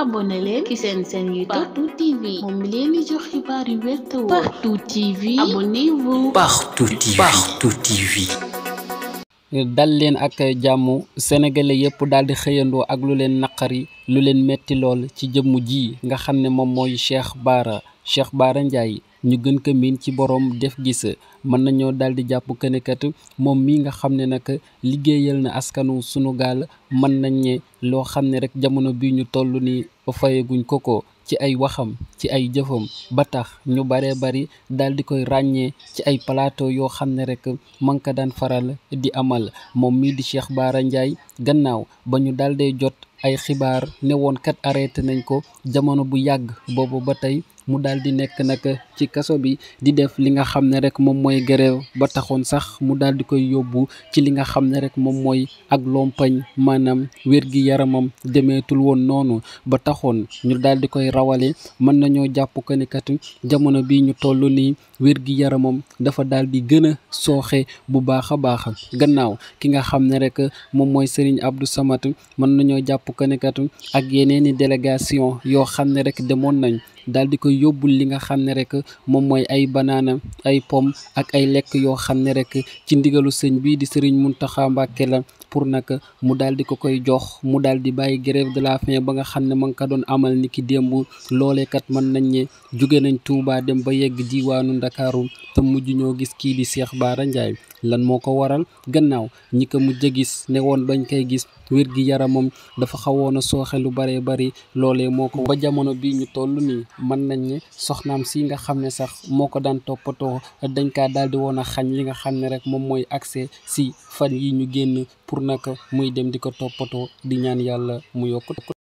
abonné leen leen dal leen ak jàmm sénégalais yépp daal di xëyandoo ak lu leen naqari lu leen metti lool ci jëmm ji nga xam ne moom mooy Cheikh Bara Cheikh Bara Ndiaye ñu gën ko miin ci borom def gisa mën nañoo daal di jàpp kënekat moom mii nga xam ne nag liggéeyal na askanu sunu gaal mën nañ ne loo xam ne rek jamono bi ñu toll nii fayaguñ ko ko ci ay waxam ci ay jëfam ba tax ñu baree bari daal di koy ràññee ci ay palaato yoo xam ne rek man ka daan faral di amal moom mii di Cheikh Bara Ndiaye gannaaw ba ñu daal di jot ay xibaar ne woon kat arrêté nañ ko jamono bu yàgg boobu ba tey. mu daal di nekk nag ci kaso bi di def li nga xam ne rek moom mooy grève ba taxoon sax mu daal di koy yóbbu ci li nga xam ne rek moom mooy ak lompañ maanaam wér gi yaramam demeetul woon noonu ba taxoon ñu daal di koy rawale mën nañoo jàpp ko ni jamono bi ñu toll nii wér gi yaramam dafa daal di gën a sooxe bu baax a baax gannaaw ki nga xam ne rek moom mooy Serigne Abdou Samad mën nañoo jàpp ko ni ak yeneen i délégation yoo xam ne rek demoon nañ daal di koy yóbbul li nga xam ne rek moom mooy ay banaana ay pom ak ay lekk yoo xam ne rek ci ndigalu sëñ bi di sëriñ Muntaxa Mbàkke la pour nag mu daal di ko koy jox mu daal di bàyyi grève de la faim ba nga xam ne ma nga ko doon amal ni ki démb loole kat mën nañ ne jóge nañ tuubaa dem ba yegg diwaanu Ndakaaru te mujj ñoo gis kii di Cheikh Bara Ndiaye lan moo ko waral gannaaw ñi ko mujj a gis ne woon bañ koy gis wér gi yaramam dafa xawoon a sooxe lu bëree bari loolee moo ko ba jamono bi ñu toll nii mën nañ ne soxnaam si nga xam ne sax moo ko daan toppatoo dañ kaa daal di woon a xañ li nga xam ne rek moom mooy accès si pour nag muy dem di ko toppatoo di ñaan yàlla mu yokk